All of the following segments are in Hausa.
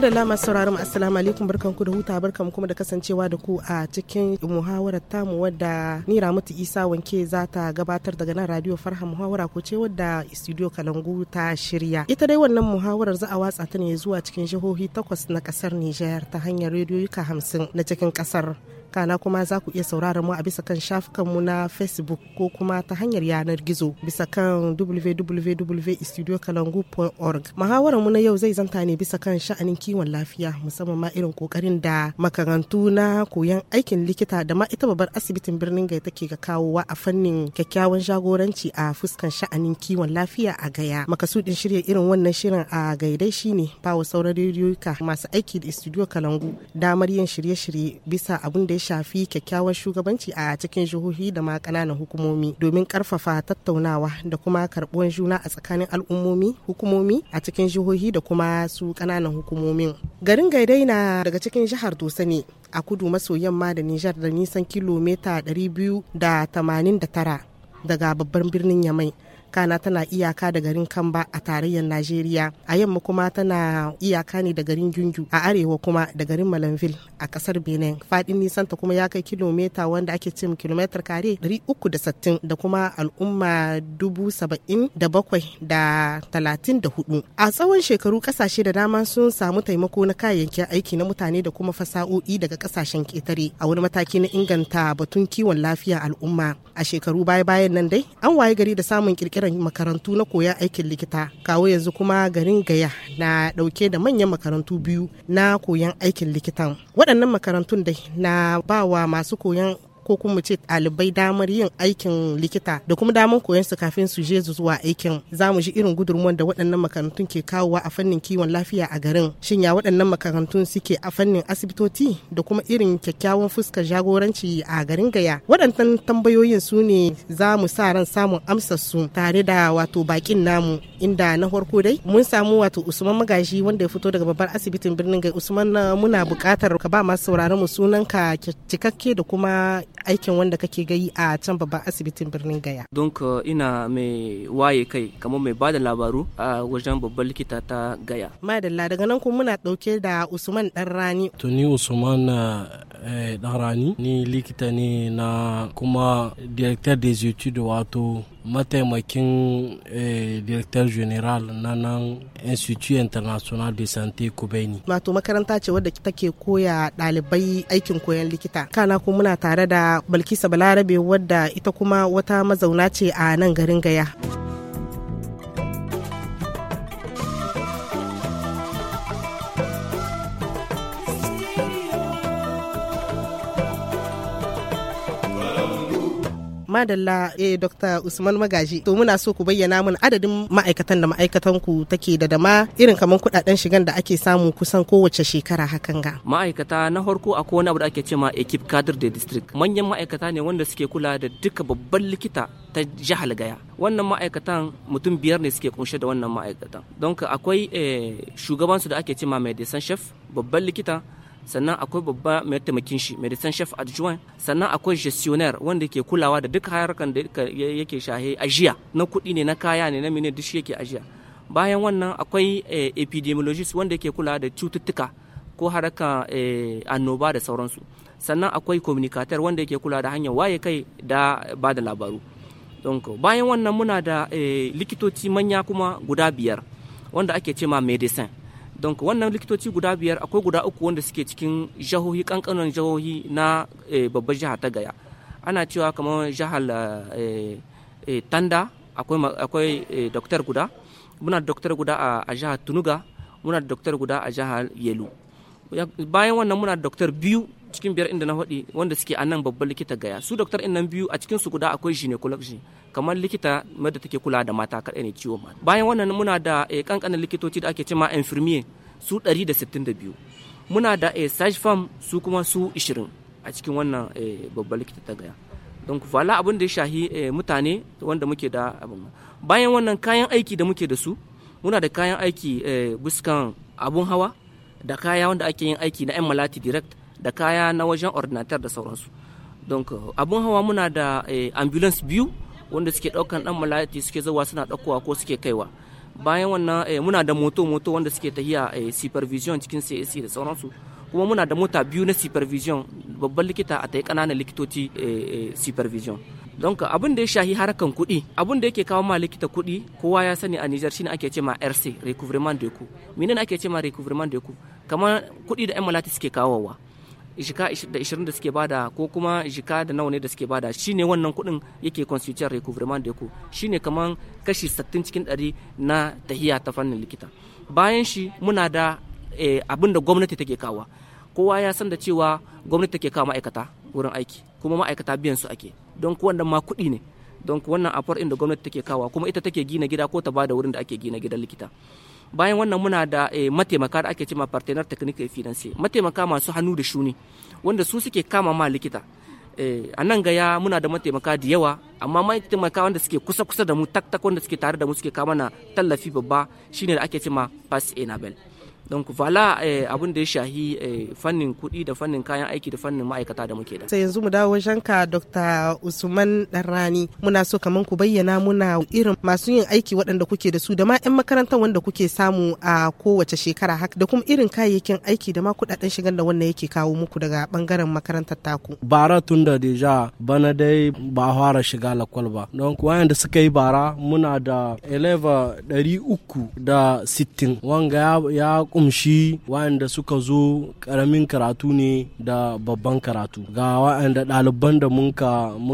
madalla masu sauraron assalamu alaikum ku da huta barkan kuma da kasancewa da ku a cikin muhawarar tamu wadda ni ramatu isa wanke za ta gabatar daga nan radio farha muhawara ko ce wadda studio kalangu ta shirya ita dai wannan muhawarar za a watsa ta ne zuwa cikin jihohi takwas na kasar niger ta hanyar rediyoyika hamsin na cikin kasar kana kuma za ku iya sauraron mu a bisa kan shafukanmu na facebook ko kuma ta hanyar yanar gizo bisa kan www.studiokalangu.org muhawarar mu na yau zai zanta ne bisa kan sha'anin kiwon lafiya musamman ma irin kokarin da makarantu na koyan aikin likita da ma ita babbar asibitin birnin gaya take ga kawowa a fannin kyakkyawan jagoranci a fuskan sha'anin kiwon lafiya a gaya makasudin shirya irin wannan shirin a gaidai shine bawa sauran rediyoyika masu aiki da studio kalangu damar yin shirye-shirye bisa abin da ya shafi kyakkyawan shugabanci a cikin jihohi da ma kananan hukumomi domin karfafa tattaunawa da kuma karbuwar juna a tsakanin al'ummomi hukumomi a cikin jihohi da kuma su kananan hukumomin. Garin Gaidai na daga cikin jihar Dosani a kudu maso yamma da Nijar da nisan kilomita 289 daga babban birnin Yamai. kana tana iyaka da garin kamba a tarayyar najeriya a yamma kuma tana iyaka ne da garin gyungyu a arewa kuma da garin malanville a kasar benin faɗin nisan ta kuma ya kai kilomita wanda ake cin kilomitar kare 360 da kuma al'umma 77,034 a tsawon shekaru kasashe da dama sun samu taimako na kayayyakin aiki na mutane da kuma fasa'o'i daga kasashen ƙetare a wani mataki na inganta batun kiwon lafiya al'umma a shekaru baya-bayan nan dai an waye gari da samun kirkirar kiran makarantu na koyan aikin likita kawo yanzu kuma garin gaya na dauke da manyan makarantu biyu na koyan aikin likitan waɗannan makarantun dai na bawa masu koyan ko kuma mu ce ɗalibai damar yin aikin likita da kuma damar koyon su kafin su je zuwa aikin za mu ji irin gudunmuwan da waɗannan makarantun ke kawowa a fannin kiwon lafiya a garin shin ya waɗannan makarantun suke a fannin asibitoci da kuma irin kyakkyawan fuskar jagoranci a garin gaya waɗannan tambayoyin su ne za mu sa ran samun amsar su tare da wato bakin namu inda na farko dai mun samu wato usman magaji wanda ya fito daga babbar asibitin birnin gai usman muna buƙatar ka ba masu sauraron mu sunanka cikakke da kuma aikin wanda kake gayi a can babban asibitin birnin gaya don ina mai waye kai kamar mai bada labaru a wajen babban likita ta gaya madalla daga nan kuma muna dauke da usman dan rani to ni usman dan eh, rani ni likita ne na kuma director des études wato mataimakin eh, director general na nan institut international de santé kubeni wato makaranta ce wadda take koya ɗalibai aikin koyon likita kana kuma muna tare da balkisa balarabe wadda ita kuma wata mazauna ce a nan garin gaya madalla eh dr usman magaji to muna so ku bayyana mun adadin ma'aikatan da ma'aikatan ku take da dama irin kamar kudaden shigan da ake samu kusan kowace shekara hakan ga ma'aikata na farko a wani abu da ake cewa ekip kadir de district manyan ma'aikata ne wanda suke kula da duka babban likita ta jihar gaya wannan ma'aikatan mutum biyar ne suke kunshe da wannan ma'aikatan don akwai eh, shugabansu da ake cewa mai desan chef babban likita sannan akwai babba mai taimakin shi medicine chef adjoint sannan akwai gestionnaire wanda ke kulawa da duk harkan da yake shahe ajiya na kuɗi ne na kaya ne na mene duk yake ajiya bayan wannan akwai eh, epidemiologist wanda ke kulawa da cututtuka ko haraka eh, annoba da sauransu sannan akwai communicator wanda yake kula da hanyar waye kai da ba da labaru bayan wannan muna da eh, likitoci manya kuma guda biyar wanda ake ce ma medicine don wannan likitoci guda biyar akwai guda uku wanda suke cikin jahohi kankanon jahohi na eh, babbar jiha ta gaya ana cewa kamar jihar eh, eh, tanda akwai doktar guda muna da guda a jihar tunuga muna da guda a jihar yelu bayan wannan muna da biyu cikin biyar inda na hudu wanda suke a nan babban likita gaya su doktor in nan biyu a cikin su guda akwai gynecology kamar likita wadda take kula da mata kaɗai ne ciwo bayan wannan muna da kankanin eh, likitoci da ake cema infirmier su 162 muna da eh, sage farm su kuma su 20 a cikin wannan eh, babban likita ta gaya don ku fala abin da ya shahi mutane wanda muke da abin bayan wannan kayan aiki da muke da su muna da kayan aiki buskan abun hawa da kaya wanda ake yin aiki na yan malati direct da kaya na wajen ordinatar da sauransu don abun hawa muna da eh, ambulance biyu wanda suke daukan dan malati suke zuwa suna daukowa ko suke kaiwa bayan wannan eh, muna da moto moto wanda suke tahiya eh, supervision cikin CAC da sauransu kuma muna da mota biyu na supervision babban likita a tai kananan likitoci supervision don ka abin da ya shahi harkan kuɗi abin da yake kawo ma likita kuɗi kowa ya sani a Nijar shine ake ce ma RC recouvrement de coût menene ake ce ma recouvrement de coût kamar kuɗi da 'yan malati suke kawowa jika da 20 da suke bada ko kuma jika da nawa ne da suke bada shine wannan kuɗin yake constitution recouvrement da shine kaman kashi 60 cikin 100 na tahiya ta fannin likita bayan shi muna da eh, abin da gwamnati take kawa kowa ya san da cewa gwamnati take kawo ma'aikata wurin aiki kuma ma'aikata biyan su ake don wannan ma kuɗi ne don wannan afor inda gwamnati take kawa kuma ita take gina gida ko ta bada wurin da ake gina gidan likita bayan wannan muna da eh, mataimaka da ake cewa partenar technique et financier mataimaka masu hannu da shuni wanda su suke kama ma likita eh, a nan gaya muna da mataimaka da yawa amma mataimaka wanda suke kusa kusa da mu tak tak wanda suke tare da mu suke kama na tallafi babba shine da ake cewa pass enabel don ku fala eh, abin da ya shahi eh, fannin kuɗi da fannin kayan aiki da fannin ma'aikata da muke da sai yanzu mu dawo shanka dr usman ɗanrani muna so kaman ku bayyana muna irin masu yin aiki waɗanda kuke da su da ma 'yan makarantar wanda kuke samu a kowace shekara haka da kuma irin kayayyakin aiki da ma kuɗaɗen shigar da wannan yake kawo muku daga bangaren makarantar taku bara tun da deja bana dai ba fara shiga lakwal ba don wayanda suka yi bara muna da eleva ɗari uku da sittin wanga ya kumshi wa'anda suka zo karamin karatu ne da babban karatu ga wa'anda ɗaliban da mun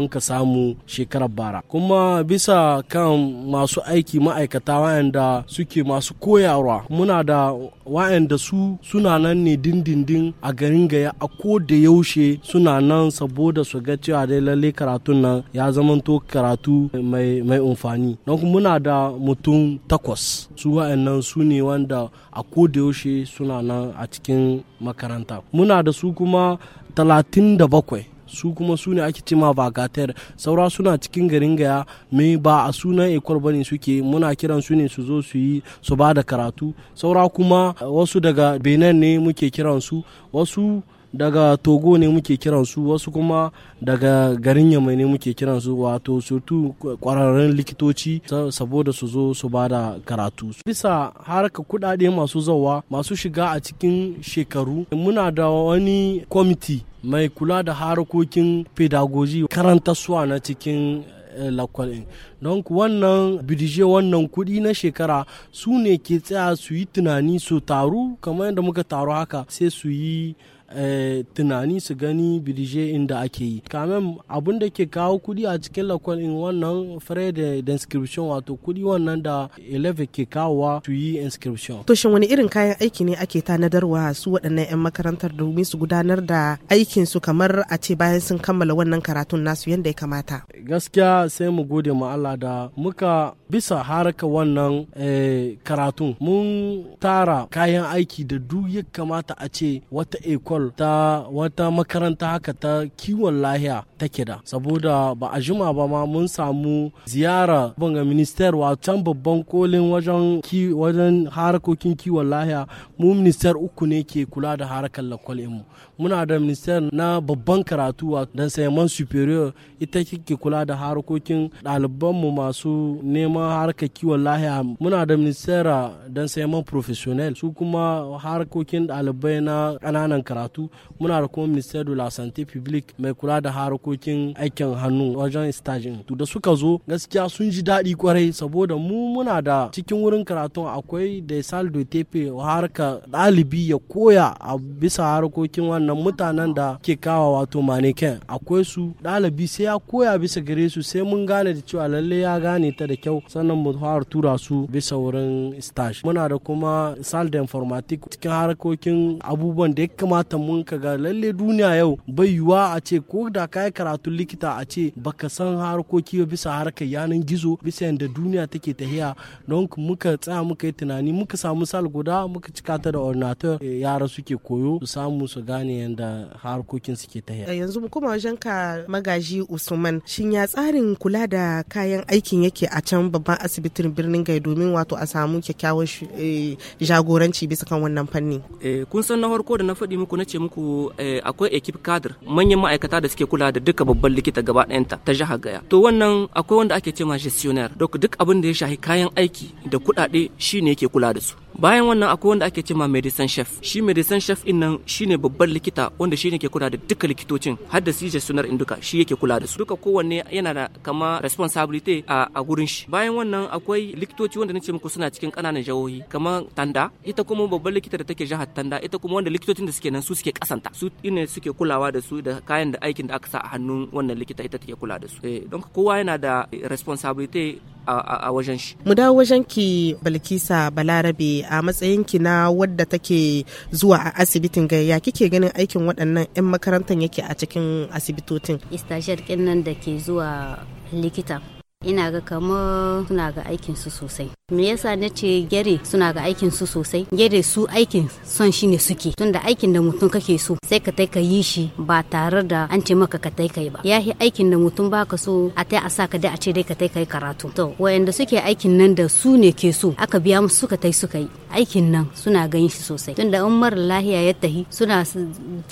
ka samu shekarar bara kuma bisa kan masu aiki ma'aikata wa'anda suke masu koyarwa muna da wa'anda su suna nan ne dindindin a garin gaya a ko da yaushe suna nan saboda su ga cewa dai lalle karatun nan ya zamanto karatu mai amfani don muna da mutum takwas su wa'annan su ne wanda a ko da yaushe yaushe suna nan a cikin makaranta muna da su kuma 37 su kuma su ne ake cima vakater saura suna cikin garin gaya me ba a sunan ekwal bane suke muna kiran su ne su zo su yi su ba da karatu saura kuma wasu daga benin ne muke kiran su wasu daga togo ne muke kiransu wasu kuma daga garin yamai ne muke kiransu wato surtu kwararren likitoci saboda su zo su ba da karatu bisa harka kudade masu zawa masu shiga a cikin shekaru muna da wani kwamiti mai kula da harkokin pedagogy karanta suwa na cikin eh, lakwalin don wannan bidije wannan kudi na shekara su ne ke tsaya su yi tunani su taru kamar yadda muka taru haka sai su yi Eh, tunani su gani birje inda ake yi kamen abin da ke kawo kudi a cikin lakon in wannan fare da inscription wato kudi wannan da 11 ke kawowa su yi inscription to shin wani irin kayan aiki ne ake tanadarwa su waɗannan 'yan makarantar domin su gudanar da aikin su kamar a ce bayan sun kammala wannan karatun nasu yadda ya kamata gaskiya sai mu gode ma Allah da muka bisa haraka wannan eh, karatun mun tara kayan aiki da duk ya kamata a ce wata ekon protocol ta wata makaranta haka ta kiwon lahiya take da saboda ba a jima ba ma mun samu ziyara banga minister can babban kolin wajen wajen harkokin kiwon lahiya mu minister uku ne ke kula da harkar lakwal mu muna da minister na babban karatu dan sayaman superior ita ke kula da harkokin mu masu neman harkar kiwon lahiya muna da minister dan sayaman professional su kuma harkokin ɗalibai na ƙananan karatu karatu muna da kuma minister de la santé publique mai kula da harkokin aikin hannu wajen stage to da suka zo gaskiya sun ji daɗi kwarai saboda mu muna da cikin wurin karatu akwai da sal de tepe harka ɗalibi ya koya a bisa harkokin wannan mutanen da ke kawa wato maneken akwai su ɗalibi sai ya koya bisa gare su sai mun gane da cewa lalle ya gane ta da kyau sannan mu fara tura su bisa wurin stage muna da kuma sal de informatique cikin harkokin abubuwan da ya kamata ta mun ka ga lalle duniya yau bai yiwuwa a ce ko da ka yi karatun likita a ce baka san harkoki bisa harkar yanan gizo bisa yadda duniya take tahiya don muka tsaya muka yi tunani muka samu sal guda muka cika ta da ornator eh, yara suke koyo su samu su gane yadda harkokin suke tahiya yanzu mu kuma wajen ka magaji usman shin ya tsarin kula da kayan aikin yake a can babban asibitin birnin gai domin wato a samu kyakkyawan eh, jagoranci bisa kan wannan fanni eh, kun san na farko da na faɗi muku na ce muku eh, akwai ekip kadir manyan ma'aikata da suke kula da duka babban likita gaba ɗayanta ta jiha Gaya. To wannan akwai wanda ake ce ma gestionnaire. Duk abin da ya shahi kayan aiki da kuɗaɗe shine yake kula da su. bayan wannan akwai wanda ake cema medicine chef shi medicine chef din nan shine babban likita wanda shine ke kula da duka likitocin har da sije sunar induka shi yake kula da su duka kowanne yana da kama responsibility a, a gurin shi bayan wannan akwai likitoci wanda nace muku suna cikin kananan jihohi kamar tanda ita kuma babban likita da take jihar tanda ita kuma wanda likitocin da suke nan su suke kasanta su ne suke kulawa da su da kayan da aikin da aka sa a hannun wannan likita ita take kula da su eh don kowa yana da responsibility a wajen shi. Mu dawo wajen ki Balkisa Balarabe a matsayin ki na wadda take zuwa a asibitin gayya kike ganin aikin waɗannan 'yan makarantar yake a cikin asibitocin. Istashar nan da ke zuwa likita ina ga kamar suna ga aikin su sosai me yasa na ce gyare suna ga aikin su sosai gyare su aikin son shi ne suke tunda aikin da mutum kake so sai ka tai ka yi shi ba tare da an ce maka ka tai kai ba yahi aikin da mutum baka so a tai a sa ka dai a ce dai ka tai kai karatu to wayanda suke aikin nan da su ne ke so aka biya musu suka tai suka yi aikin nan suna ganin shi sosai tunda in mara lahiya ya tahi suna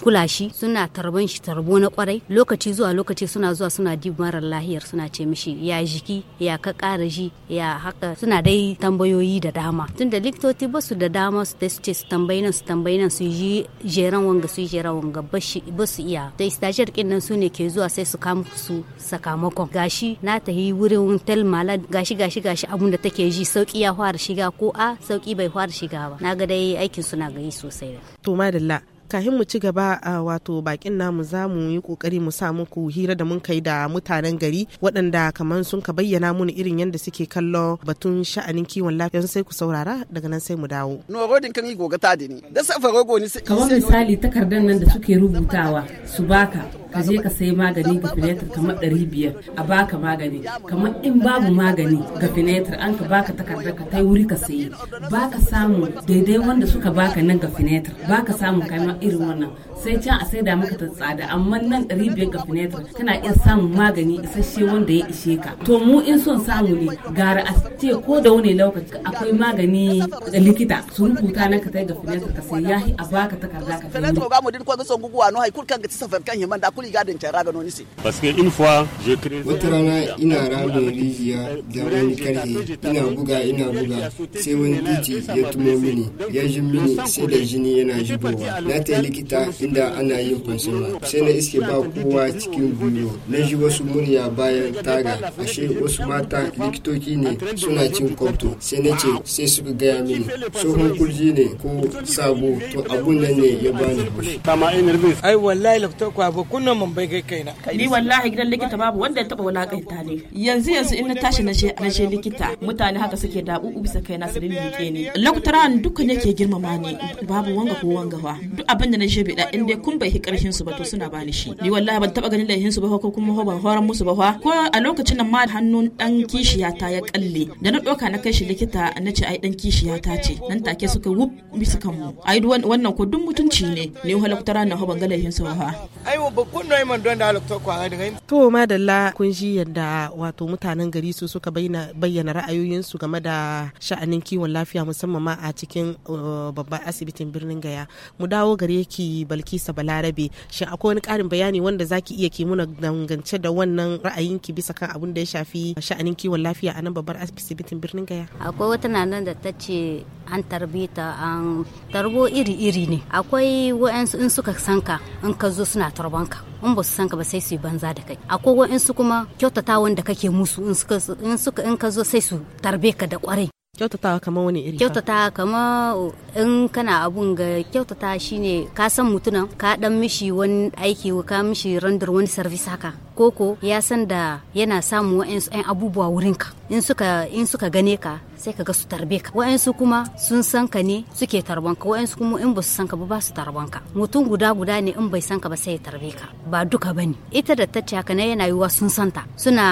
kula shi suna tarban shi tarbo na kwarai lokaci zuwa lokaci suna zuwa suna di mara lahiyar suna ce mishi ya jiki ya ka kara ji ya haka suna dai tambayoyi da dama tunda likitoci ba su da dama su ta ce su tambayi nan su tambayi nan su yi jeran wanga su yi jeran wanga ba su iya da stajiyar kin nan su ne ke zuwa sai su kama su sakamakon gashi na tahi wurin talmala gashi gashi gashi abun da take ji sauki ya fara shiga ko a sauki bai fara fara shigawa na ga dai aikin suna gayi sosai da to madalla kahin mu ci gaba a wato bakin namu za mu yi kokari mu sa muku hira da mun kai da mutanen gari waɗanda kamar sun ka bayyana mun irin yadda suke kallo batun sha'anin kiwon lafiya sai ku saurara daga nan sai mu dawo no kan yi gogata da ni da safa rogo ni kamar misali takardar nan da suke rubutawa su baka ka je ka sayi magani ga finetar kamar ɗari biyar a baka magani kamar in babu magani ga finetar an ka baka takardar ka tai wuri ka sayi baka samu daidai wanda suka baka nan ga finetar baka samu kai irin wannan sai can a sai da maka ta tsada amma nan ɗari biyar ga finetra tana iya samun magani isasshe wanda ya ishe ka to mu in son samu ne gara a ce ko da wani lokaci akwai magani da likita su rubuta na ka tai ga finetra ka sai yahi a baka takarda ka finetar ga mu din ko ga son guguwa no kul kan ga tsafan kan himan da kuli gadin tsara ga noni si parce que une fois je crée wata rana ina ramin rijiya da wani karhe ina buga ina buga sai wani duti ya tumo mini ya ji mini sai da jini yana jibowa na ta likita inda ana yin fansuma sai na iske ba kowa cikin biyu na ji wasu murya bayan taga ashe wasu mata likitoki ne suna cin kwamto sai na ce sai suka gaya mini tsohon kurji ne ko sabo to abun nan ne ya bani ai wallahi kwa ba man bai kai kaina ni wallahi gidan likita babu wanda ya taba ta ne yanzu yanzu in na tashi na je likita mutane haka suke dabu bisa kaina su dinke ni lokutan dukkan yake girmama ni babu wanga ko wanga ba abin da na je da in dai kun bai hi karshen su ba to suna bani shi ni wallahi ban taba ganin laihin su ba ko kuma ban horan musu ba fa ko a lokacin nan ma hannun dan kishiya ta ya kalle da na doka na kai shi likita na ce ai dan kishiya ta ce nan take suka wub bisa mu ai wannan ko duk mutunci ne ne kutara na ho ban ga laihin su ba ai wa kun noi man don da halakta ko ga daga to madalla kun ji yadda wato mutanen gari su suka bayyana bayyana su game da sha'anin kiwon lafiya musamman ma a cikin uh, babban asibitin birnin Gaya mu dawo ga gare ki Balkisa Balarabe shin akwai wani karin bayani wanda zaki iya ki muna dangance da wannan ra'ayin ki bisa kan abin da ya shafi sha'anin kiwon lafiya a nan babbar asibitin birnin Gaya? Akwai wata nan da ta ce an tarbita an tarbo iri-iri ne. Akwai wa'ansu in suka sanka in ka zo suna ka in ba su san ka ba sai su yi banza da kai akwai wa'insu kuma kyautata wanda kake musu in suka in ka zo sai su tarbe ka da kwarai kyautatawa kama wani iri kyautata kama in kana abun ga kyautata shine ka san mutunan ka dan mishi wani aiki ka mishi randar wani service haka koko ya san da yana samu wa'ansu ɗan abubuwa wurin ka in suka in suka gane ka sai ka ga su tarbe ka wa'ansu kuma sun san ka ne suke tarban ka wa'ansu kuma in ba su san ka ba ba su tarban ka mutum guda guda ne in bai san ka ba sai ya tarbe ka ba duka bane ita da ta haka ne yana yiwa sun santa suna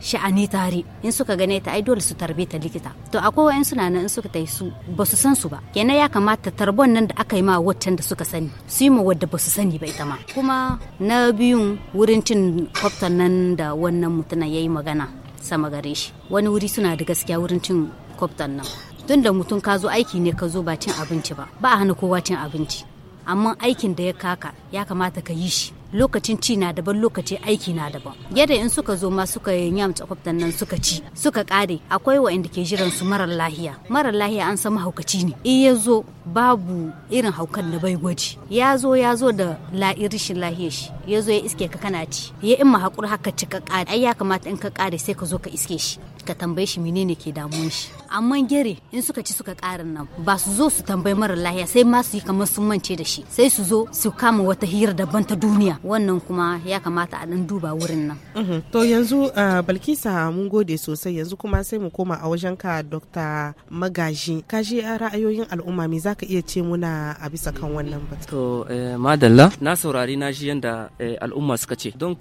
sha'ani tare in suka gane ta ai dole su tarbe ta likita to akwai wa'in suna nan in suka tai su ba su san su ba kenan ya kamata tarbon nan da aka yi ma waccan da suka sani su yi ma wadda ba su sani ba ita ma kuma na biyun wurin cin kwaftan nan da wannan mutuna ya yi magana sama gare shi wani wuri suna da gaskiya wurin cin kwaftan nan tun da mutum ka zo aiki ne ka zo ba cin abinci ba ba a hana kowa cin abinci amma aikin da ya kaka ya kamata ka yi shi lokacin ci na daban lokacin aiki na daban yadda in suka zo ma suka yi yam tsakwabtan nan suka ci suka kare akwai wa'anda ke jiran su marar lahiya marar lahiya an san mahaukaci ne in ya zo babu irin haukan na bai gwaji ya zo ya zo da la'in lahiyar shi ya zo ya iske ka kana ci ya in ma hakuri haka ci ka kare ai ya kamata in ka kare sai ka zo ka iske shi ka tambaye shi menene ke damuwan shi amma gere in suka ci suka ƙarin nan ba su zo su tambayi mara lahiya sai ma su yi kamar sun mance da shi sai su zo su kama wata hira daban ta duniya wannan kuma ya kamata a dan duba wurin nan mhm. to yanzu balkisa mun gode sosai yanzu kuma sai mu koma a wajen ka dr magaji kaji ra'ayoyin al'umma me za ka iya ce muna a bisa kan wannan batu? To, eh, madalla, na saurari na shi yadda eh, al'umma suka ce. Don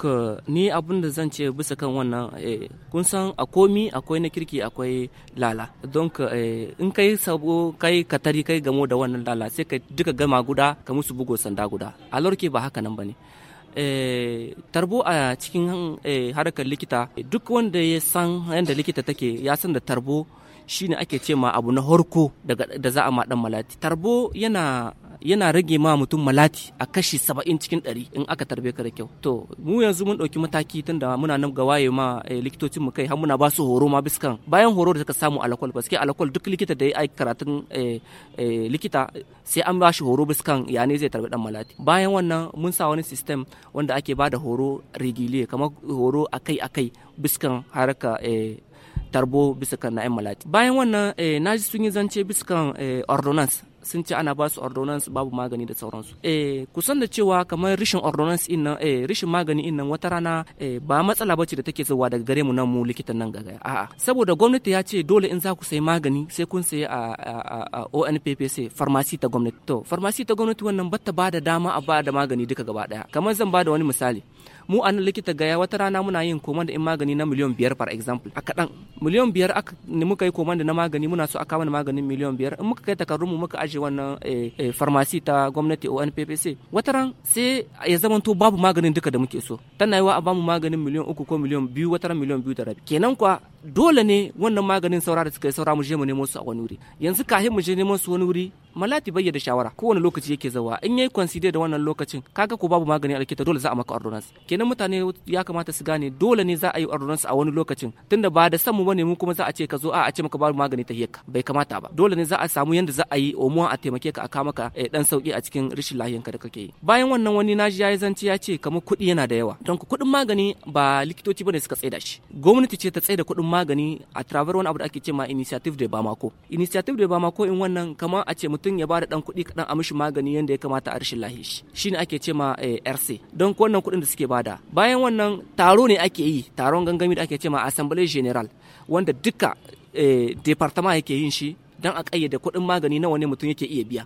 ni abin da zan ce bisa kan wannan eh, kun san a komi akwai na kirki akwai lala. Don in kai sabo kai katari kai gamo da wannan lala sai ka duka gama guda ka musu bugo sanda guda. A lorke ba haka nan ba ne. tarbo a cikin harkar likita duk wanda ya san yadda likita take ya san da tarbo shine ake ce ma abu na harko da za a ma dan malati tarbo yana yana rage ma mutum malati a kashi saba'in cikin ɗari in aka tarbe ka da kyau to mu yanzu mun ɗauki mataki tunda muna nan ga ma eh, likitocin mu kai har muna ba su horo ma biskan bayan horo da suka samu alakol baske alakol duk likita da ya yi karatun eh, eh, likita sai an ba shi horo biskan ya ne zai tarbi dan malati bayan wannan mun sa wani system wanda ake ba da horo rigiliye kamar horo akai akai biskan haraka tarbo bisa kan na'in malati bayan wannan eh, na ji sun yi zance bisa kan eh, ordonance sun ce ana ba su ordonance babu magani da sauransu eh kusan da cewa kamar rishin ordonance in nan eh, rishin magani in nan wata rana ba matsala ba ce da take zuwa daga gare mu nan mu likitan nan gaga a'a saboda gwamnati ya ce dole in za ku sayi magani sai kun sayi a, a, ONPPC farmasi ta gwamnati to farmasi ta gwamnati wannan ta ba da dama a ba da magani duka gaba daya kamar zan ba da wani misali mu a nan likita gaya wata rana muna yin komanda in magani na miliyan biyar par example a kaɗan miliyan biyar aka muka yi komanda na magani muna so a kawo maganin miliyan biyar in muka kai takardun mu muka aje wannan farmasi eh, eh, ta gwamnati ONPPC wata ran sai ya zama to babu maganin duka da muke so tana yiwa a bamu maganin miliyan uku ko miliyan biyu wata ran miliyan biyu da rabi kenan kwa dole ne wannan maganin saura da suka yi saura mu je mu nemo su a wani wuri yanzu ka mu je nemo su wani wuri malati bai da shawara kowane lokaci yake zawa in yayi consider da wannan lokacin kaga ko babu magani a likita dole za a maka ordonance kenan mutane ya kamata su gane dole ne za a yi ordonance a wani lokacin tunda ba da san mu bane mu kuma za a ce ka zo a a ce maka babu magani ta hiyarka bai kamata ba dole ne za a samu yanda za a yi omuwa a taimake ka a ka maka dan eh, sauki a cikin rashin ka da kake yi bayan wannan wani naji yayi zanci ya ce kamar kuɗi yana da yawa don kuɗin magani ba likitoci bane suka tsaida shi gwamnati ce ta tsaida kuɗin magani a travel wani abu da ake ce ma initiative da bamako initiative da bamako in wannan kamar a ce mutum ya bada dan kuɗi kaɗan a mishi magani yadda ya kamata a rashin lahi shi shine ake ce ma eh, rc don wannan kuɗin da suke bada bayan wannan taro ne ake yi taron gangami da ake ce ma assemblée general wanda duka eh, departement yake yin shi don a ƙayyade kuɗin magani nawa ne mutum yake iya biya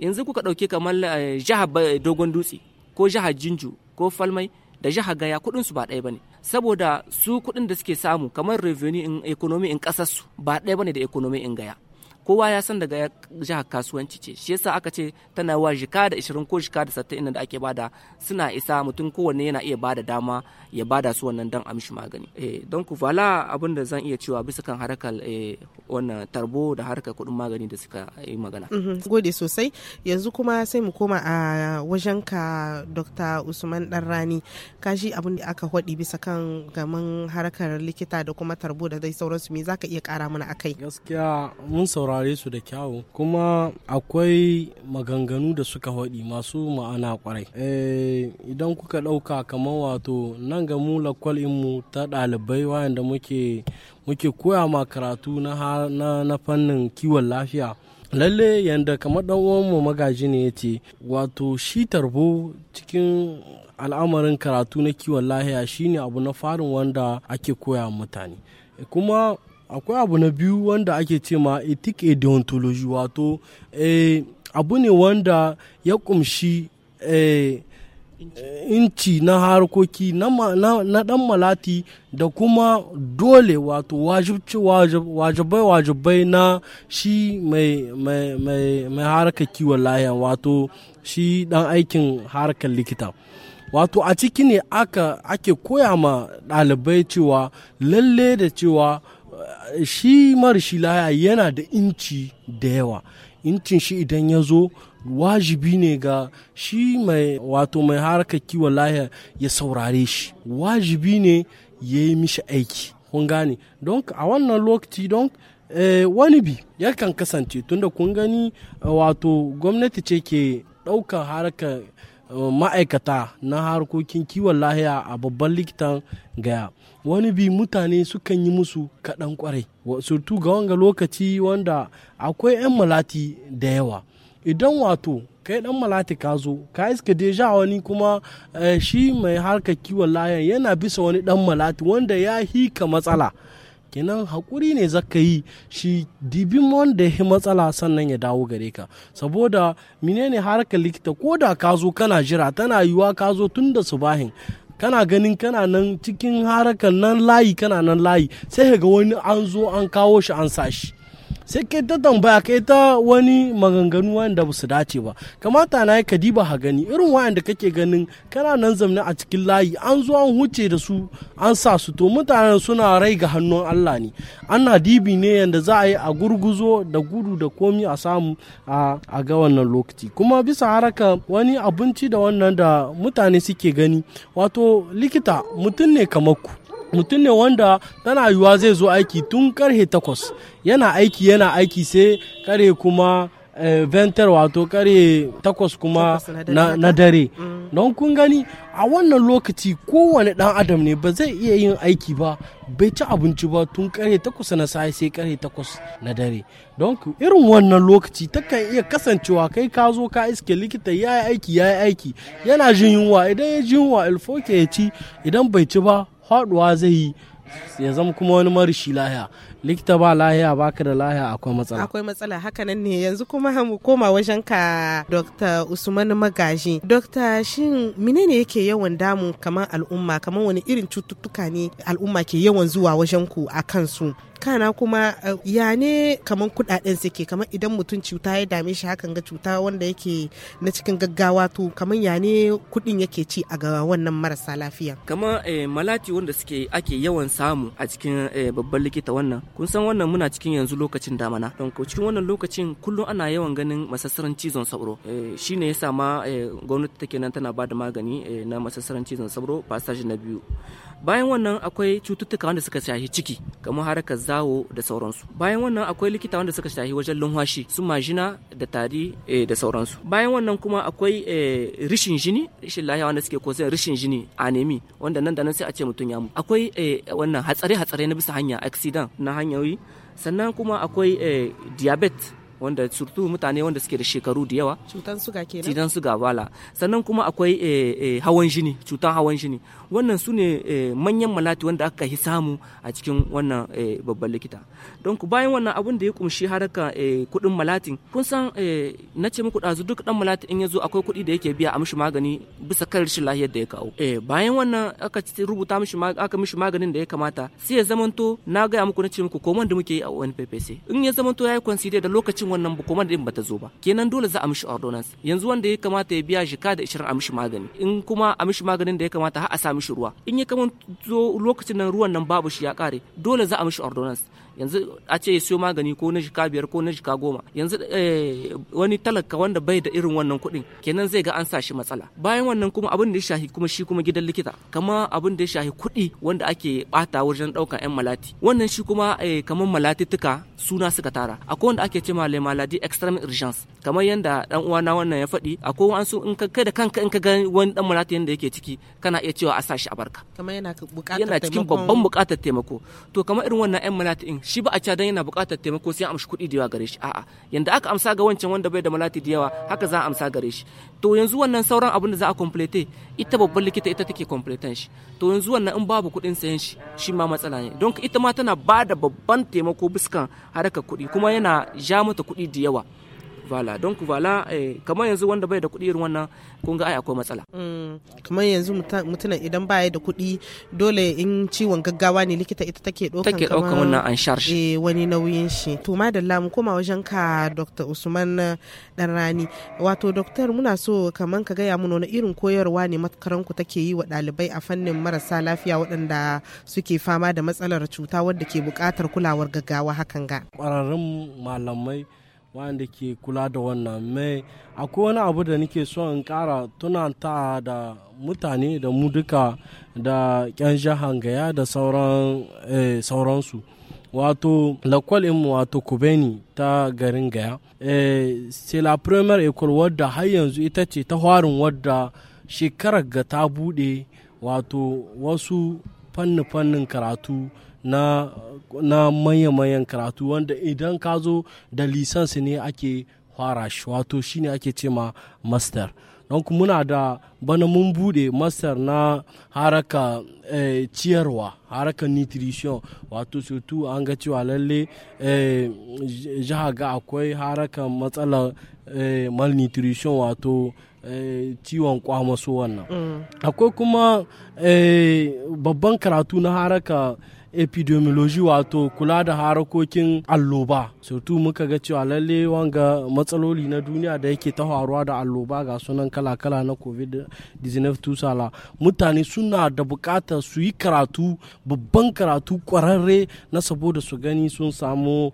yanzu kuka ɗauki kamar eh, jihar dogon dutse ko jihar jinju ko falmai da jiha gaya kuɗin su ba ɗaya bane saboda su kuɗin da suke samu kamar revenue in economy in ƙasarsu su ba ɗaya bane da economy in gaya kowa ya san daga jihar kasuwanci ce shi yasa aka ce tana wa jika da 20 ko jika da 60 da ake bada suna isa mutum kowanne yana iya bada dama ya bada su wannan dan amshi magani eh don ku fala abin da zan iya cewa bisa kan harkar eh, wannan tarbo da harkar kuɗin magani da suka yi magana mhm, gode sosai yanzu kuma sai mu koma a ah, wajen ka Dr. Usman Danrani kashi abin da aka hodi bisa kan gaman harkar likita da kuma tarbo da dai sauransu me zaka iya kara mana akai gaskiya mun saurara saurare su da kyawu kuma akwai maganganu da suka haɗi masu ma'ana kwarai eh, idan kuka ɗauka kamar wato nan ga mu mu ta ɗalibai wayanda muke muke koya ma karatu na fannin kiwon lafiya lalle yadda kamar ɗan uwanmu magaji ne ya ce wato shi tarbo cikin al'amarin karatu na kiwon lahiya shine abu na farin wanda ake koya mutane kuma akwai abu na biyu wanda ake ce ma ethic e deontology wato eh, abu ne wanda ya kumshi eh, inci na harkoki na dan malati da kuma dole wato wajibai-wajibai na shi mai harkar kiwon lahiya wato shi dan aikin harkar likita wato a ciki ne ake koya ma ɗalibai cewa lalle da cewa shi shi laya yana da inci da yawa incin shi idan ya zo wajibi ne ga shi mai wato mai harkar kiwon laya ya saurare shi wajibi ne ya yi mishi aiki kun gane don a wannan lokaci don eh, wani bi yakan kasance tunda kun gani wato gwamnati ce ke ɗaukar harkar ma'aikata na harkokin kiwon lahiya a babban likitan gaya wani bi mutane sukan yi musu kaɗan kwarai surtu ga wanga lokaci wanda akwai 'yan malati da yawa idan wato kai dan malati ka zo ka iska deja wani kuma eh, shi mai harkar kiwon lahiya yana bisa wani dan malati wanda ya hika matsala kenan hakuri ne zaka yi shi dibin wanda ya matsala sannan ya dawo gare ka saboda menene harkar likita ko da ka zo kana jira tana yiwa ka zo tun da subahin kana ganin kana nan cikin harakan nan layi kana nan layi sai ga wani an zo an kawo shi an sa shi sai kai ta tambaya kai ta wani maganganu wanda ba su dace ba kamata na ka diba ha gani irin wayanda kake ganin kana nan zamne a cikin layi an zo an huce da su an sa su to mutanen suna rai ga hannun Allah ne ana dibi ne yanda za a yi a gurguzo da gudu da komi a samu a ga wannan lokaci kuma bisa haraka wani abinci da wannan da mutane suke gani wato likita mutum ne kamar ku mutum ne wanda tana yiwuwa zai zo aiki tun karhe takwas yana aiki yana aiki sai kare kuma eh, ventar wato kare takwas kuma na dare mm. don kun gani a wannan lokaci kowane dan adam ne ba zai iya yin aiki ba bai ci abinci ba tun kare takwas na sai sai kare takwas na dare don irin wannan lokaci takan iya kasancewa kai ka zo ka iske likita ya yi aiki ya yi aiki yana jin yunwa idan ya ji yunwa ilfoke ya ci idan bai ci ba haɗuwa zai yi ya zama kuma wani marishi laya likita ba lahiya ka da lahiya akwai matsala akwai matsala hakanan ne yanzu kuma mu koma wajen ka dr usman magaji dr shin menene yake yawan damun kamar al'umma kamar wani irin cututtuka ne al'umma ke yawan zuwa wajen ku a kansu kana kuma eh, ya ne kamar kudaden suke kamar idan mutum cuta ya dame shi hakan ga cuta wanda yake na cikin gaggawa to kamar ya ne kudin yake ci a ga wannan marasa lafiya kamar eh, malati wanda suke ake yawan samu a cikin eh, babban likita wannan kun san wannan muna cikin yanzu lokacin damana don cikin wannan lokacin kullum ana yawan ganin masassaran cizon sauro eh, shine yasa ma eh, gwamnati take nan tana ba da magani eh, na masassaran cizon sauro fasashi na biyu bayan wannan akwai cututtuka wanda suka shahi ciki kamar harkar zawo da sauransu bayan wannan akwai likita wanda suka shahi wajen lumhashi su majina da tari eh, da sauransu bayan wannan kuma akwai eh, rishin jini rishin lahiya wanda suke kosa rishin jini anemi wanda nan da nan sai a ce mutum ya mu akwai eh, wannan hatsare hatsare na bisa hanya accident na hanyoyi sannan kuma akwai diabetes wanda surtu mutane wanda suke da shekaru da yawa cutan suga kenan cutan suga wala sannan kuma akwai eh, eh, hawan jini cutan hawan jini wannan su ne eh, manyan malati wanda aka yi samu a cikin wannan babban likita don ku bayan wannan abun da ya kumshi haraka kudin malatin kun san na ce muku ɗazu duk dan malati in ya zo akwai kuɗi da yake biya a mishi magani bisa kan rashin lahiyar da ya kawo bayan wannan aka rubuta mishi aka mishi maganin da ya kamata sai ya zamanto na gaya muku na ce muku ko da muke yi a ONPPC in ya zamanto ya yi da lokacin wannan bukoman din bata zo ba kenan dole za a mishi ordonance yanzu wanda ya kamata ya biya jika da ishirin a mishi magani in kuma a mishi maganin da ya kamata har a sa mishi ruwa in ya kama zo lokacin nan ruwan nan babu shi ya kare dole za a mishi ordonance yanzu a ce siyo magani ko na jika biyar ko na jika goma yanzu eh, wani talaka wanda bai da irin wannan kuɗin kenan zai ga an sa shi matsala bayan wannan kuma abin da ya shahi kuma shi kuma gidan likita kama abin da ya shahi kuɗi wanda ake bata wajen ɗaukan 'yan malati wannan shi kuma eh, kamar tuka suna suka tara akwai wanda ake ce ma maladi extreme urgence kamar yanda dan uwana wannan ya faɗi akwai wasu in ka kai da kanka in ka ga wani dan malati yanda yake ciki kana iya cewa a sa shi a barka kamar yana taimako yana cikin babban bukatar taimako to kamar irin wannan 'yan malati in shi ba a ca dan yana buƙatar taimako sai amshi kuɗi da yawa gare shi a'a yanda aka amsa ga wancan wanda bai da malati da yawa haka za a amsa gare shi to yanzu wannan sauran abin da za a complete ita babban likita ita take complete shi to yanzu wannan in babu kuɗin sayan shi shi ma matsala ne don ita ma tana ba da babban taimako biskan harkar kuɗi kuma yana ja mata kuɗi da yawa vala don ku vala eh, kamar yanzu wanda bai da kuɗi irin wannan kun ga ai akwai matsala mm. kamar yanzu mutumin idan baya da kuɗi dole in ciwon gaggawa ne likita ita take ɗaukan take ɗaukan wannan an sharshi eh wani nauyin shi to madalla mu koma wajen ka Dr. Usman rani wato doctor muna so kamar ka gaya mu wani irin koyarwa ne matakaran ku take yi wa ɗalibai a fannin marasa lafiya waɗanda suke fama da matsalar cuta wadda ke buƙatar kulawar gaggawa hakan ga ƙwararrun malamai wanda ke kula da wannan mai akwai wani abu da nake so in kara tunanta da mutane da mu duka da kyan jihar gaya da eh, sauransu wato lakwal mu wato kubeni ta garin gaya eh, sai la première école wadda har yanzu ita ce ta harin wadda shekarar ga ta bude wato wasu fannin-fannin karatu na, na manya-manyan karatu wanda idan ka zo da lisansi ne ake fara shi wato shine ake ce ma master don muna da bana mun bude master na haraka eh, ciyarwa haraka nutrition wato sutu an ga cewa lalle eh, jihar ga akwai haraka matsalar eh, malnutrition wato Eh, ciwon kwamaso wannan mm. akwai kuma eh, babban karatu na haraka epidemiology wato kula da harakokin alloba surtu muka ga cewa lalle wanga matsaloli na duniya da yake ta faruwa da alloba ga sunan kala-kala na covid-19 tusala mutane suna da bukatar su yi karatu babban karatu kwararre na saboda su gani sun samu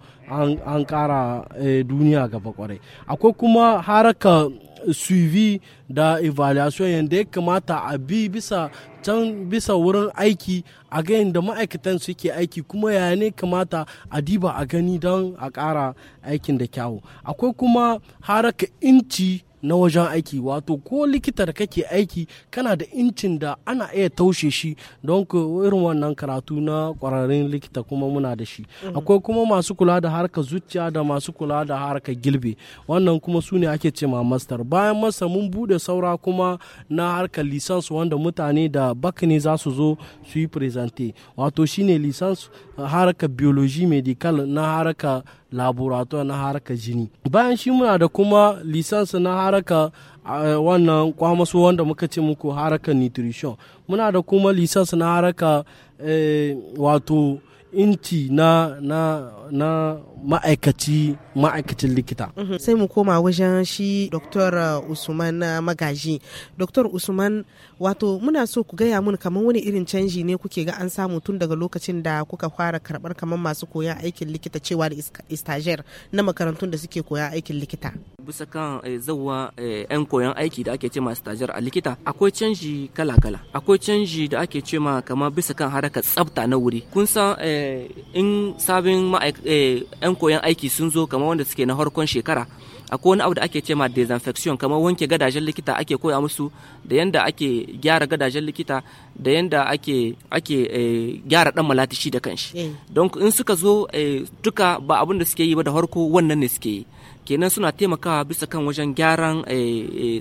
an kara eh, duniya gaba kwarai akwai kuma haraka suivi da evaluation yadda ya kamata a bi bisa can bisa wurin aiki a ga yadda ma'aikatan suke aiki kuma ya ne kamata a diba a gani don a ƙara aikin da kyawu akwai kuma haraka inci na wajen aiki wato ko likita likitar kake aiki kana da incin da ana iya taushe shi don irin wannan karatu na kwararrun likita kuma muna da shi mhm. akwai kuma masu kula da harkar zuciya da masu kula da harkar gilbe wannan kuma su ne ake ce ma master bayan masa mun bude saura kuma na harkar lisans wanda mutane da bakne za su zo su yi presente wato shine lisans harkar biology medical na harkar laboratoire na haraka jini bayan shi muna da kuma lisansa na haraka wannan kwamaso wanda muka ce muku haraka nutrition muna da kuma lisansa na haraka eh, wato inci na na ma'aikaci ma'aikacin likita. Mhm. Sai mu koma wajen shi Dr. Uh, Usman uh, Magaji. Dr. Usman wato muna so ku gaya mun kamar wani irin canji ne kuke ga an samu tun daga lokacin da kuka fara karɓar kamar masu koyan aikin likita cewa da istajiyar na makarantun da suke koyan aikin likita. Bisa kan eh, zawa eh, 'yan koyan aiki da ake ce ma stajiyar a likita akwai canji kala-kala. Akwai canji da ake ce ma kamar bisa kan harakar tsafta na wuri. Kun san eh, in sabin ma'aikata Eh, 'yan koyon aiki sun zo kamar wanda suke na harkon shekara akwai wani abu da ake cema desinfection kamar wanke gadajen likita ake koya musu da yanda ake gyara gadajen likita da yanda ake ake eh, gyara dan malatishi da kanshi eh. don in suka zo duka ba abin da suke yi ba da harko wannan ne suke yi kenan suna taimakawa bisa kan wajen gyaran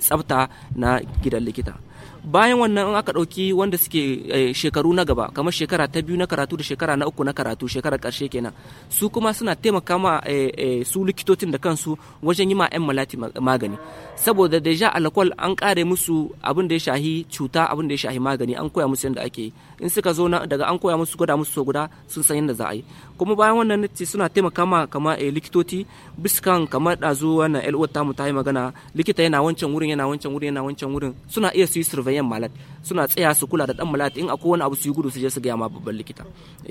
tsafta na gidan likita bayan wannan in aka ɗauki wanda suke eh, shekaru na gaba kamar shekara ta biyu na karatu da shekara na uku na karatu shekara ƙarshe kenan su kuma suna taimaka ma eh, eh, su likitocin da kansu wajen yi ma 'yan malati magani saboda deja alkol an kare musu abin da ya shahi cuta abin da ya shahi magani an koya musu yadda ake in suka zo daga an koya musu gwada musu so guda sun san yadda za a yi kuma bayan wannan nace suna taimaka ma kamar likitoci biskan kamar ɗazu wannan LO tamu ta yi magana likita yana wancan wurin yana wancan wurin yana wancan wurin suna iya su yi yan malat suna tsaya su kula da dan malat in akwai wani abu su yi gudu su je su ga ma babban likita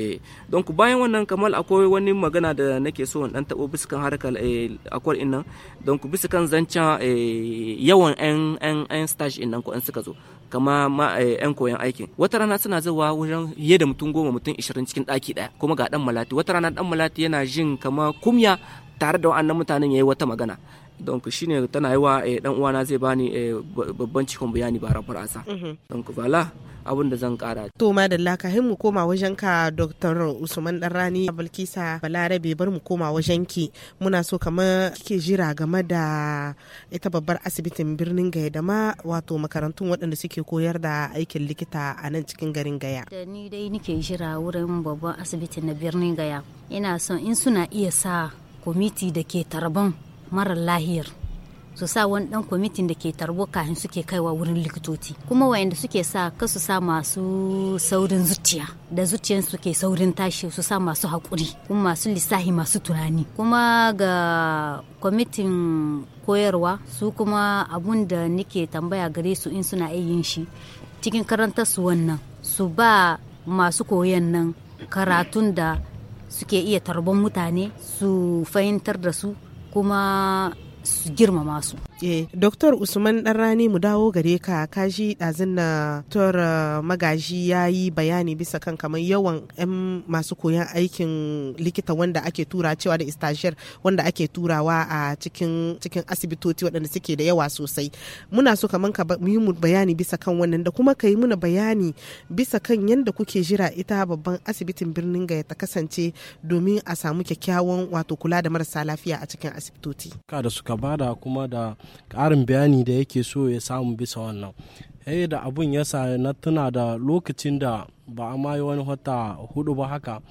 eh don ku bayan wannan kamal akwai wani magana da nake so in dan tabo biskan harkar eh akwai in nan don ku biskan kan eh yawan yan yan yan stage in nan ko an suka zo kama ma yan eh, koyan aikin wata rana suna zuwa wurin fiye da mutum goma mutum 20 cikin daki daya kuma ga dan malati wata rana dan malati yana jin kama kumya tare da wa'annan mutanen yayi wata magana don shine tana yiwa eh, dan uwana zai bani eh, babban cikon bayani bara asa don ku bala abin da zan kara to madalla ka mu koma wajen ka dr usman darrani balkisa balarabe bar mu koma wajen ki muna so kamar kike jira game da ita babbar asibitin birnin gaya da ma wato makarantun waɗanda suke koyar da aikin likita a nan cikin garin gaya da ni dai nike jira wurin babban asibitin na birnin gaya ina son in suna iya sa kwamiti da ke tarban marar lahiyar su sa wani dan kwamitin da ke tarbo kafin suke kaiwa wurin likitoci kuma wayanda suke sa kasu sa masu saurin zuciya da zuciyar suke saurin tashi su sa masu haƙuri kuma masu lissahi masu tunani kuma ga kwamitin koyarwa su kuma abun da nike tambaya gare su in suna yin shi cikin karanta su wannan su ba masu koyon nan karatun da suke iya tarbon mutane su fahimtar da su kuma su girmama su. Eh, Doktor Usman Ɗanrani mu dawo gare ka kaji ɗazin na Tor eh, Magaji ya yi bayani bisa kan kamar yawan 'yan masu koyan aikin likita wanda ake tura cewa da istashiyar wanda ake turawa a cikin cikin asibitoci waɗanda suke da yawa sosai. Muna so kamar ka yi mu bayani bisa kan wannan da kuma ka yi muna bayani bisa kan yadda kuke jira ita babban asibitin birnin Gaya ta kasance domin a samu kyakkyawan wato kula da marasa lafiya a cikin asibitoci. ka bada kuma da karin bayani da yake so ya samu bisa wannan hey, eh, da abun ya sa na tuna da lokacin da ba a ma yi wani wata hudu ba haka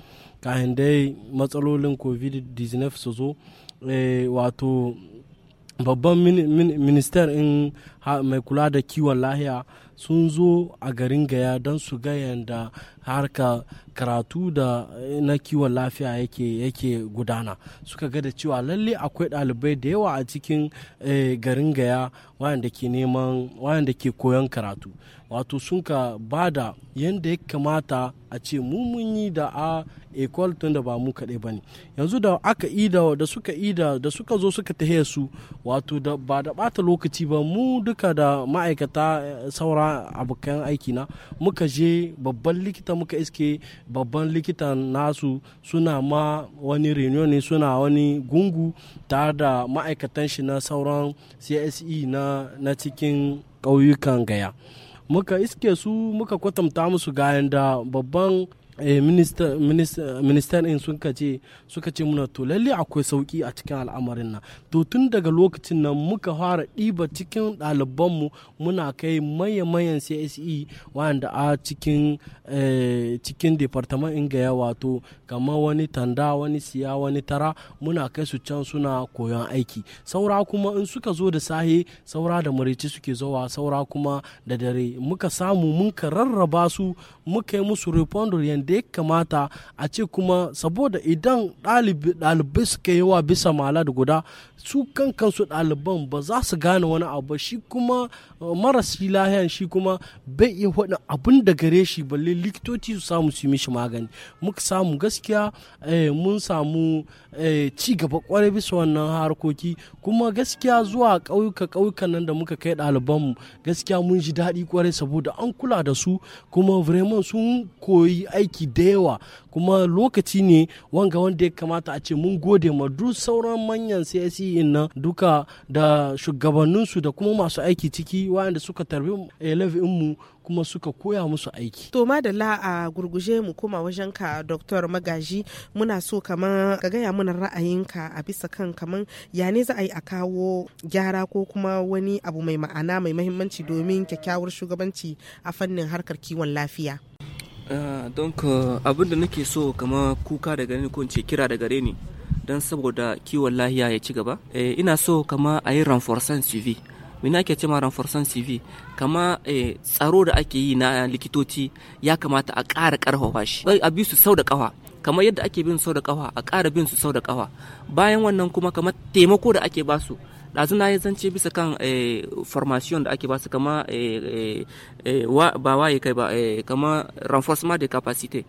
kahin dai matsalolin covid-19 su zo eh, wato babban minister in mai kula da kiwon lahiya sun zo a garin gaya don su ga da. harka karatu da na kiwon lafiya yake yake gudana suka ga da cewa lalle akwai ɗalibai da yawa a cikin eh, garin gaya wayanda ke wayanda ke koyon karatu wato sun ka ba da yadda ya kamata a ce mun yi da a ecole tun da ba mu kaɗai ba ne yanzu da aka ida da suka ida da suka zo suka tahe su wato da ba da ɓata lokaci ba mu duka da ma'aikata eh, saura abokan aiki na muka je babban likitan muka iske babban likitan nasu suna ma wani reunion suna wani gungu tare da ma'aikatan shi na sauran CSE na cikin ƙauyukan gaya. muka iske su muka kwatanta musu gayan da babban Eh, ministan in suka ce suka ce muna to lalle akwai sauki a cikin al'amarin nan to tun daga lokacin nan muka fara ɗiba cikin ɗalibanmu muna kai maye mayan CSE wanda a cikin eh, cikin departament in gaya wato kama wani tanda wani siya wani tara muna kai su can suna koyon aiki saura kuma in suka zo da sahe saura da marici suke zowa saura kuma da dare muka samu mun ka rarraba su muka yi musu refund da ya kamata a ce kuma saboda idan ɗalibai suka yi wa bisa mala da guda su kan kansu ɗaliban ba za su gane wani abu ba shi kuma eh, marasi lahiyan shi kuma bai iya wani abun da gare shi balle likitoci su samu su yi mishi magani muka samu gaskiya eh, mun samu eh, ci gaba kwarai bisa wannan harkoki kuma gaskiya zuwa ƙauyuka ƙauyukan nan da muka kai ɗalibanmu gaskiya mun ji daɗi kwarai saboda an kula da su kuma vraiment sun koyi aiki aiki da yawa kuma lokaci ne wanga wanda ya kamata a ce mun gode ma duk sauran manyan siyasi e nan duka da shugabanninsu da kuma masu aiki ciki wanda suka tarbi mu kuma suka koya musu aiki. To madalla a gurguje mu koma wajen ka Dr. Magaji muna so kaman ka gaya mana ra'ayinka a bisa kan kaman ya ne za a yi a kawo gyara ko kuma wani abu mai ma'ana mai mahimmanci domin kyakkyawar shugabanci a fannin harkar kiwon lafiya. Eh, don abin da nake so kama kuka daga ni ko ce kira daga ni don saboda kiwon lahiya ya ci gaba eh, ina so kama a yi ranforsan cv mina ake cema ranforsan cv kama eh, tsaro da ake yi na likitoci ya kamata a ƙara ƙarfafa shi a bi su sau da ƙawa kamar yadda ake bin sau da ƙawa a ƙara bin su sau da ƙawa bayan wannan kuma kamar taimako da ake basu ɗazu na zan zance bisa kan eh, formation da ake ba su kama eh, eh, ba waye kai ba kama renforcement de capacité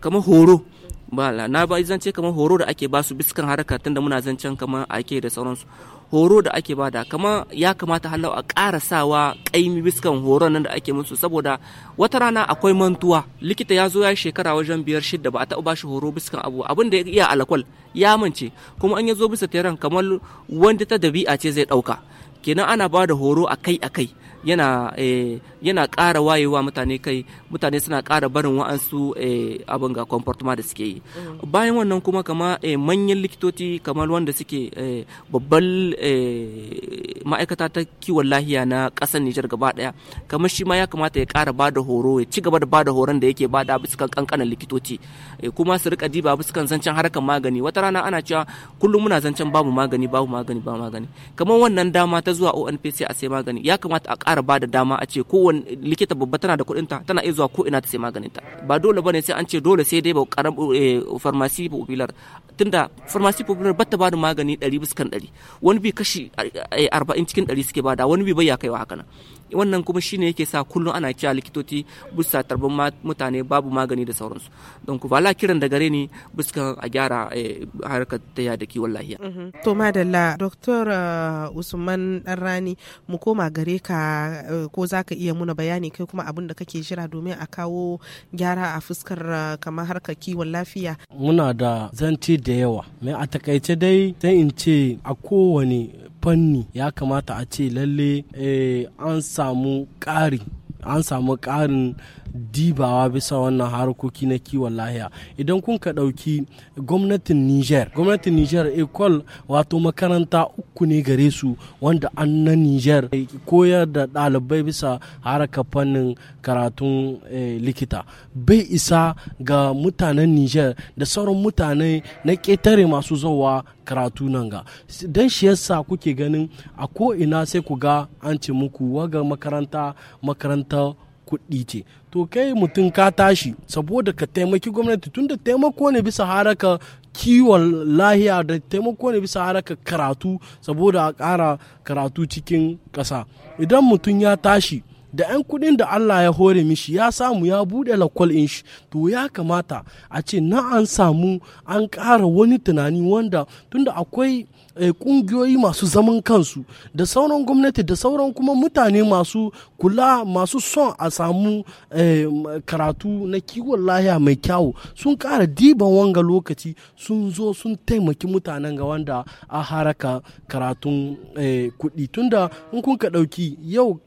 kama horo ba na ba zance kama horo da ake ba su bisa kan haraka tunda muna zancen kama ake da sauransu horo da ake bada kama ya kamata halau a ƙara sawa ƙaimi biskan horon nan da ake musu saboda wata rana akwai mantuwa likita ya zo ya shekara wajen biyar shidda ba a taɓa bashi horo biskan abu abin da ya iya alakwal ya mance kuma an ya zo bisa teran kamar wanda ta dabi'a ce zai ɗauka kenan ana bada horo akai akai yana eh, yana ƙara wayewa mutane kai mutane suna ƙara barin wa'ansu eh, abin ga comportement da suke yi mm. bayan wannan kuma kama eh, manyan likitoci kamar wanda suke eh, babban ma'aikata ta kiwon lahiya na ƙasar Nijar gaba ɗaya kamar shi ma ya kamata ya ƙara ba da horo ya ci gaba da ba da horon da yake ba da bisa kan kankanan likitoci kuma su rika diba bisa kan zancen harkar magani wata rana ana cewa kullum muna zancen babu magani babu magani babu magani kamar wannan dama ta zuwa ONPC a sai magani ya kamata a ƙara ba da dama a ce kowane kowane likita babba tana da kuɗinta tana iya zuwa ko ina ta sai maganinta ba dole bane sai an ce dole sai dai ba karam farmasi eh, popular tunda farmasi popular ba ta bada magani 100 bisa 100 wani bi kashi 40 eh, cikin 100 suke bada wani bi bai ya kaiwa haka nan wannan kuma shine yake sa kullum ana kira likitoci bisa tarbin mutane babu magani da sauransu don ku bala kiran da gare ni buska a gyara eh, harkar ta yada kiwon lahiya mhm. to madalla doktor eh, usman rani mu koma gare ka eh, ko za ka iya muna bayani kai kuma abin da kake jira domin a kawo gyara a fuskar kamar harkar kiwon lafiya muna da zanti da yawa mai a takaice dai sai in ce a kowane fanni ya kamata a ce lalle eh, an samu ƙari an samu ƙarin dibawa bisa wannan harkoki na kiwon lahiya idan kun ka ɗauki gwamnatin niger gwamnatin niger ecole wato makaranta uku ne gare su wanda an na niger eh, koyar da ɗalibai bisa haraka fannin karatun eh, likita bai isa ga mutanen niger da sauran mutane na ƙetare masu zowa karatu nan ga don shi yasa kuke ganin a ko ina sai ku ga an ce muku waga makaranta makaranta kuɗi ce to kai mutum ka tashi saboda ka taimaki gwamnati tunda taimako ne bisa haraka kiwon lahiya da taimako ne bisa haraka karatu saboda a ƙara karatu cikin ƙasa idan mutum ya tashi da 'yan kudin da Allah ya hore mishi ya samu ya buɗe lakwal in shi to ya kamata a ce na an samu an ƙara wani tunani wanda tunda akwai Eh, kungiyoyi masu zaman kansu da sauran gwamnati da sauran kuma mutane masu kula masu son a samu eh, karatu na kiwon lahiya mai kyawu sun kara diban wanga lokaci sun zo sun taimaki mutanen ga wanda a haraka karatun eh, kuɗi tunda in kun ka ɗauki yau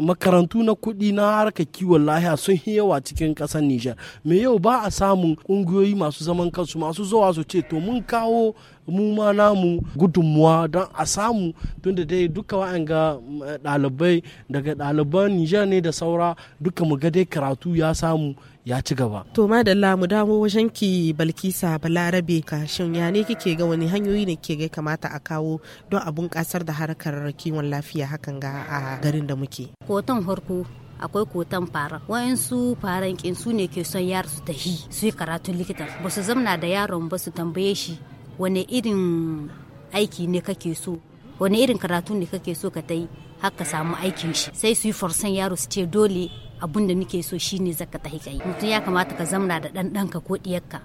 makarantu na kuɗi na haraka kiwon lahiya sun yi yawa cikin ƙasar nijar me yau ba a samun kungiyoyi masu zaman kansu masu zuwa su ce to mun kawo mu ma namu gudunmuwa don a samu tunda dai duka ga mm, eh, ɗalibai daga ɗaliban Nijar ne da saura duka mu ga dai karatu ya samu ya ci gaba. To madalla mu dawo wajen ki Balkisa Balarabe shin ya ne kike ga wani hanyoyi ne ke ga kamata a kawo don a bunƙasar da harkar kiwon lafiya hakan ga a garin da muke. kotan farko akwai kotan fara wa'insu faran su ne ke son yaro su tahi su yi karatun likita ba su zamna da yaron ba su tambaye shi wane irin aiki ne kake so wane irin karatu ne kake so ka ta yi haka samu aikin shi sai su yi forsan yaro su ce dole abun da nake so shine zaka ta kai mutum ya kamata ka zamna da dan danka ko diyarka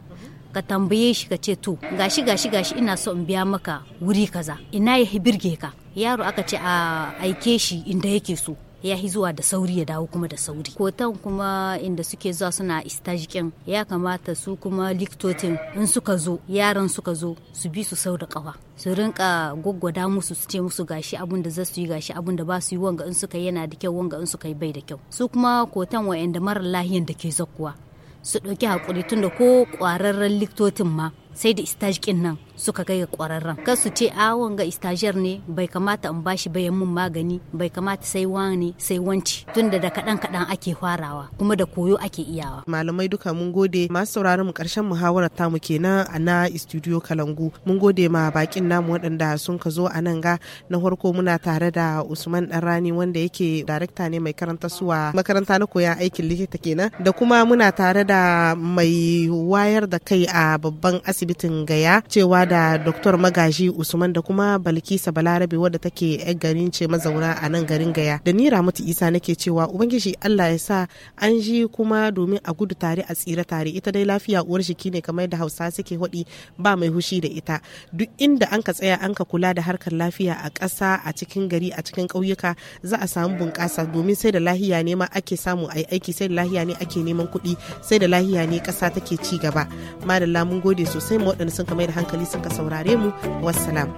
ka tambaye shi ka ce to gashi gashi gashi ina so in biya maka wuri kaza ina ya birge ka yaro aka ce a aike shi inda yake so ya yi zuwa da sauri ya dawo kuma da sauri kotan kuma inda suke zuwa suna istajikin ya kamata su kuma liktotin in suka zo yaran suka zo su bi su sau da kawa su rinka gwaggwada musu su ce musu gashi abin da za su yi gashi abin da ba su yi wanga in suka yana da kyau wanga in suka yi bai da kyau su kuma kotan wa'anda mara lahiyan da ke zakuwa su ɗauki hakuri tunda ko ƙwararren liktotin ma sai da kin nan suka ga kwararren kar su ce a ah, wanga istajiyar ne bai kamata in bashi bayan mun magani bai kamata sai wani sai wanci tunda da kadan kaɗan ake farawa kuma da koyo ake iyawa malamai duka mun gode masu sauraron mu karshen muhawarar tamu kenan a na studio kalangu mun gode ma bakin namu waɗanda sun ka zo a nan ga na farko muna tare da usman rani wanda yake darakta ne mai karanta suwa makaranta na koyan aikin likita kenan da kuma muna tare da mai wayar da kai a babban asibiti asibitin gaya cewa da Dr. Magaji Usman da kuma Balkisa Balarabe wadda take 'yan garin ce mazauna a nan garin gaya. Da ni Ramatu Isa nake cewa Ubangiji Allah ya sa an ji kuma domin a gudu tare a tsira tare ita dai lafiya uwar jiki ne kamar da Hausa suke hodi ba mai hushi da ita. Duk inda an ka tsaya an ka kula da harkar lafiya a ƙasa a cikin gari a cikin ƙauyuka za a samu bunƙasa domin sai da lahiya ne ma ake samu a aiki sai da lahiya ne ake neman kuɗi sai da lahiya ne ƙasa take ci gaba. malam mun gode sosai sosai mu waɗanda sun kamar da hankali sun ka saurare mu wassalam